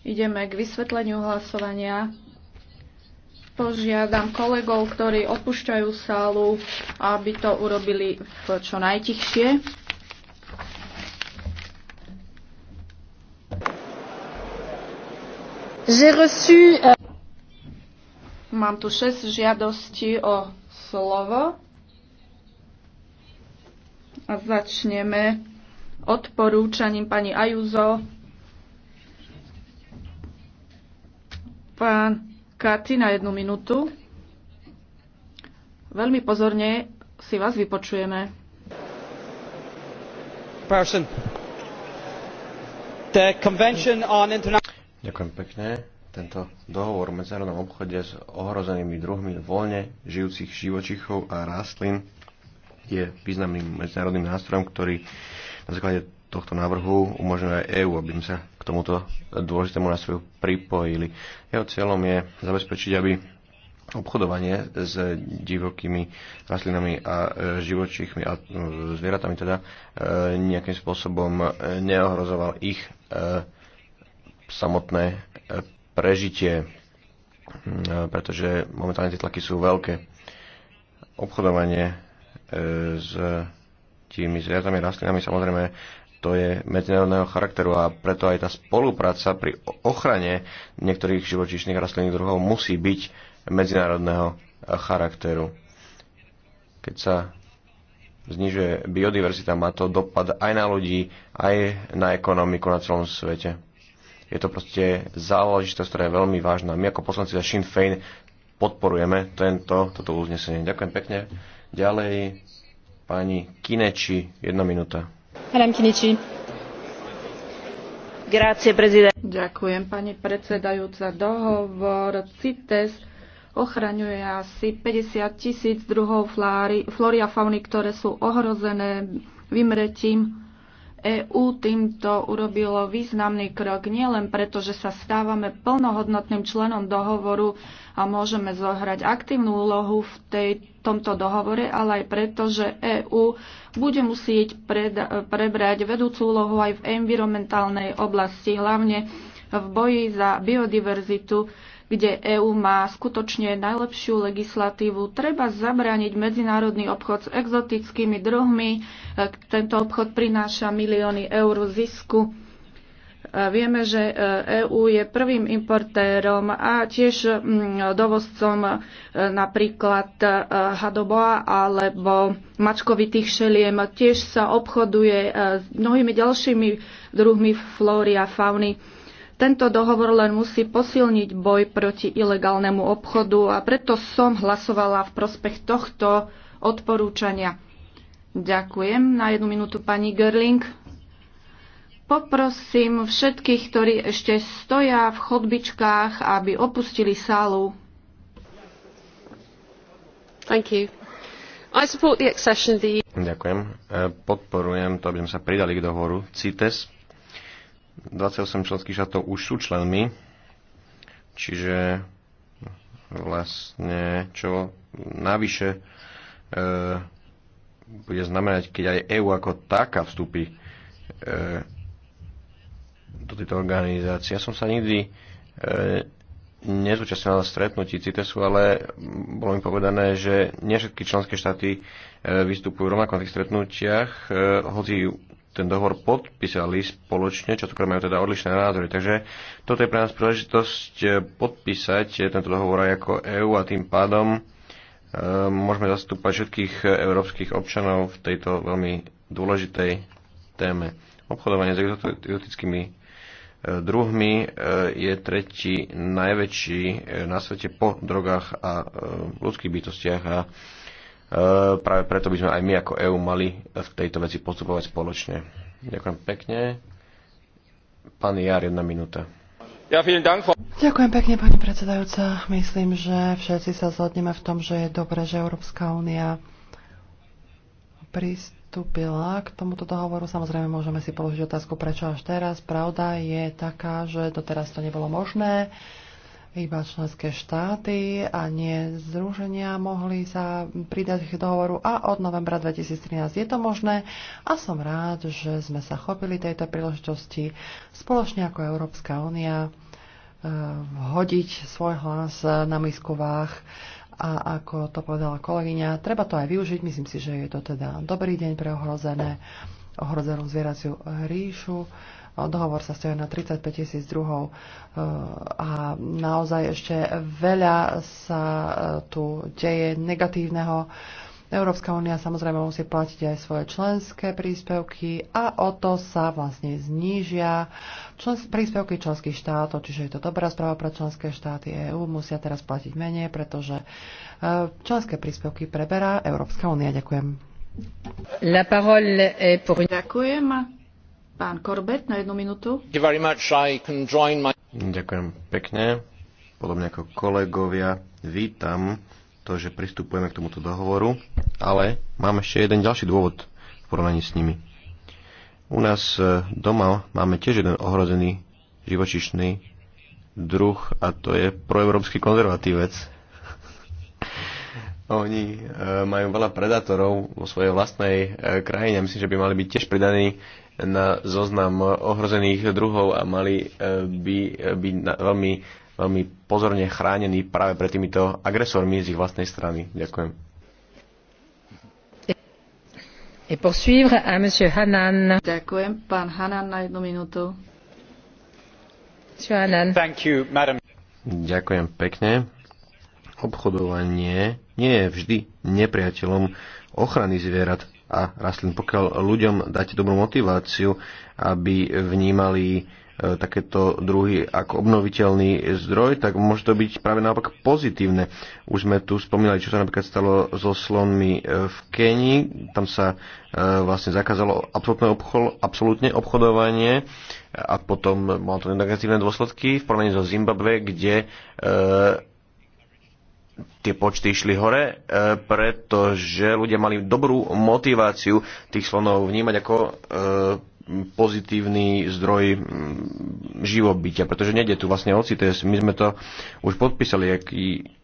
Ideme k vysvetleniu hlasovania. Požiadam kolegov, ktorí opúšťajú sálu, aby to urobili v čo najtichšie. Euh, Mám tu 6 žiadostí o slovo. A začneme odporúčaním pani Ajuzo Pán Kati na jednu minútu. Veľmi pozorne si vás vypočujeme. Person. The Convention on Ďakujem pekne. Tento dohovor o medzinárodnom obchode s ohrozenými druhmi voľne žijúcich živočichov a rastlín je významným medzinárodným nástrojom, ktorý na základe tohto návrhu umožňuje aj EÚ, aby sme sa k tomuto dôležitému nástroju pripojili. Jeho cieľom je zabezpečiť, aby obchodovanie s divokými rastlinami a e, živočíchmi a e, zvieratami teda e, nejakým spôsobom neohrozoval ich samotné prežitie, pretože momentálne tie tlaky sú veľké. Obchodovanie s tými zvieratami a rastlinami samozrejme to je medzinárodného charakteru a preto aj tá spolupráca pri ochrane niektorých živočíšnych rastlinných druhov musí byť medzinárodného eh, charakteru. Keď sa znižuje biodiverzita, má to dopad aj na ľudí, aj na ekonomiku na celom svete. Je to proste záležitosť, ktorá je veľmi vážna. My ako poslanci za Sinn Féin podporujeme tento, toto uznesenie. Ďakujem pekne. Ďalej pani Kineči, jedna minúta. Ďakujem, pani predsedajúca. Dohovor CITES ochraňuje asi 50 tisíc druhov flóry a fauny, ktoré sú ohrozené vymretím EÚ týmto urobilo významný krok nielen preto, že sa stávame plnohodnotným členom dohovoru a môžeme zohrať aktívnu úlohu v tej, tomto dohovore, ale aj preto, že EÚ bude musieť pred, prebrať vedúcu úlohu aj v environmentálnej oblasti, hlavne v boji za biodiverzitu kde EÚ má skutočne najlepšiu legislatívu. Treba zabrániť medzinárodný obchod s exotickými druhmi. E, tento obchod prináša milióny eur zisku. E, vieme, že EÚ e je prvým importérom a tiež mm, dovozcom napríklad hadoboa alebo mačkovitých šeliem. Tiež sa obchoduje s mnohými ďalšími druhmi flóry a fauny. Tento dohovor len musí posilniť boj proti ilegálnemu obchodu a preto som hlasovala v prospech tohto odporúčania. Ďakujem. Na jednu minútu pani Gerling. Poprosím všetkých, ktorí ešte stoja v chodbičkách, aby opustili sálu. Thank you. I support the accession of the... Ďakujem. E, podporujem to, aby sme sa pridali k dohovoru CITES 28 členských štátov už sú členmi, čiže vlastne čo navyše e, bude znamenať, keď aj EÚ ako taká vstúpi e, do tejto organizácie. Ja som sa nikdy e, nezúčastnil na stretnutí CITESu, ale bolo mi povedané, že nie všetky členské štáty e, vystupujú rovnako na tých stretnutiach, e, hoci ten dohovor podpísali spoločne, skôr majú teda odlišné názory. Takže toto je pre nás príležitosť eh, podpísať eh, tento dohovor aj ako EÚ a tým pádom eh, môžeme zastúpať všetkých európskych občanov v tejto veľmi dôležitej téme. Obchodovanie s exotickými druhmi je tretí najväčší na svete po drogách a ľudských bytostiach a Eh, práve preto by sme aj my ako EÚ mali v tejto veci postupovať spoločne. Ďakujem pekne. Pán Jar, jedna minúta. Ja, Dank. Ďakujem pekne, pani predsedajúca. Myslím, že všetci sa zhodneme v tom, že je dobré, že Európska únia pristúpila k tomuto dohovoru. Samozrejme, môžeme si položiť otázku, prečo až teraz. Pravda je taká, že doteraz to nebolo možné. Uh, iba členské štáty a nie združenia mohli sa pridať k dohovoru a od novembra 2013 je to možné a som rád, že sme sa chopili tejto príležitosti spoločne ako Európska únia eh, hodiť svoj hlas na misku váh a ako to povedala kolegyňa, treba to aj využiť. Myslím si, že je to teda dobrý deň pre ohrozené ohrozenú zvieraciu ríšu. Dohovor sa stojí na 35 tisíc druhov e, a naozaj ešte veľa sa e, tu deje negatívneho. Európska únia samozrejme musí platiť aj svoje členské príspevky a o to sa vlastne znížia člens- príspevky členských štátov, čiže je to dobrá správa pre členské štáty EÚ, musia teraz platiť menej, pretože e, členské príspevky preberá Európska únia. Ďakujem. Ďakujem. Pán na jednu minútu. Ďakujem pekne. Podobne ako kolegovia, vítam to, že pristupujeme k tomuto dohovoru, ale mám ešte jeden ďalší dôvod v porovnaní s nimi. U nás e, doma máme tiež jeden ohrozený živočišný druh a to je proeurópsky konzervatívec, oni e, majú veľa predátorov vo svojej vlastnej e, krajine. Myslím, že by mali byť tiež pridaní na zoznam ohrozených druhov a mali e, by byť veľmi, veľmi pozorne chránení práve pred týmito agresormi z ich vlastnej strany. Ďakujem. Ďakujem. Pán Hanan na jednu minútu. Ďakujem pekne. Obchodovanie nie je vždy nepriateľom ochrany zvierat a rastlín. Pokiaľ ľuďom dáte dobrú motiváciu, aby vnímali e, takéto druhy ako obnoviteľný zdroj, tak môže to byť práve naopak pozitívne. Už sme tu spomínali, čo sa napríklad stalo so slonmi e, v Kenii. Tam sa e, vlastne zakázalo absolútne, obchol, absolútne obchodovanie a potom malo to negatívne dôsledky v porovnaní so Zimbabwe, kde tie počty išli hore, e, pretože ľudia mali dobrú motiváciu tých slonov vnímať ako e, pozitívny zdroj mm, živobytia, pretože nejde tu vlastne o CITES. My sme to už podpísali, aký,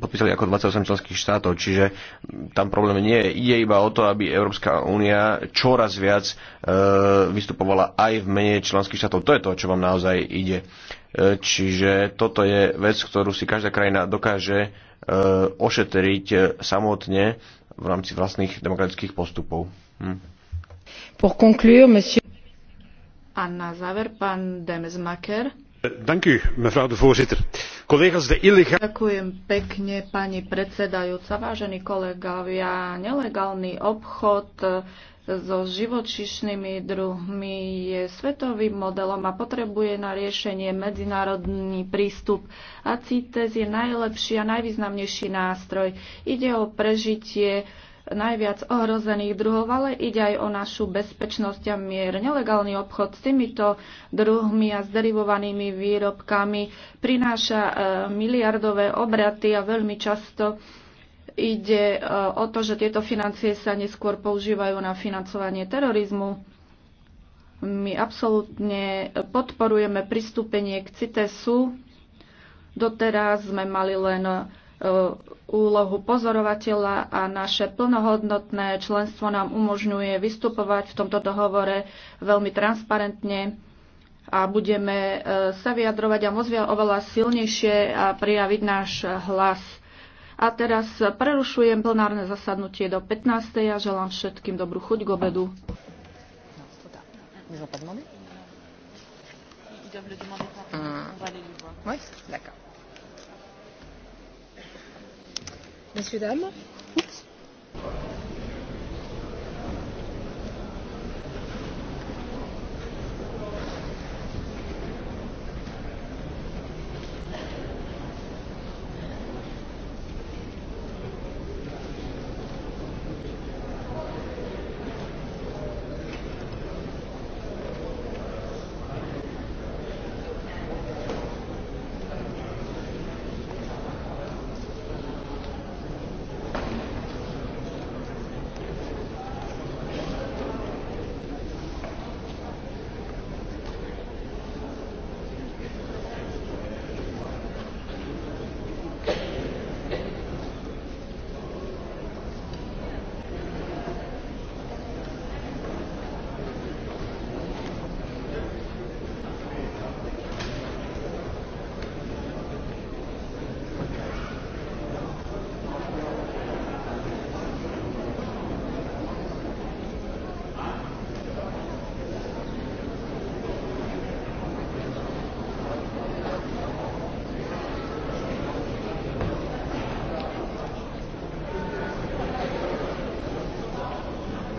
podpísali ako 28 členských štátov, čiže tam problém nie je. Ide iba o to, aby Európska únia čoraz viac e, vystupovala aj v mene členských štátov. To je to, čo vám naozaj ide. E, čiže toto je vec, ktorú si každá krajina dokáže e, ošetriť samotne v rámci vlastných demokratických postupov. Hm. Pour conclure, monsieur... A na záver pán Demesmaker. Dank u, mevrouw de voorzitter. Collega's, de illegale... Ďakujem pekne, pani predsedajúca. Vážení kolegovia, nelegálny obchod so živočišnými druhmi je svetovým modelom a potrebuje na riešenie medzinárodný prístup. A CITES je najlepší a najvýznamnejší nástroj. Ide o prežitie najviac ohrozených druhov, ale ide aj o našu bezpečnosť a mier. Nelegálny obchod s týmito druhmi a zderivovanými výrobkami prináša e, miliardové obraty a veľmi často ide e, o to, že tieto financie sa neskôr používajú na financovanie terorizmu. My absolútne podporujeme pristúpenie k CITESu. Doteraz sme mali len Eh, úlohu pozorovateľa a naše plnohodnotné členstvo nám umožňuje vystupovať v tomto dohovore veľmi transparentne a budeme eh, sa vyjadrovať a môcť oveľa silnejšie a prijaviť náš hlas. A teraz prerušujem plenárne zasadnutie do 15. a želám všetkým dobrú chuť k obedu. Ils Oui, mm. no d'accord. Messieurs, dames.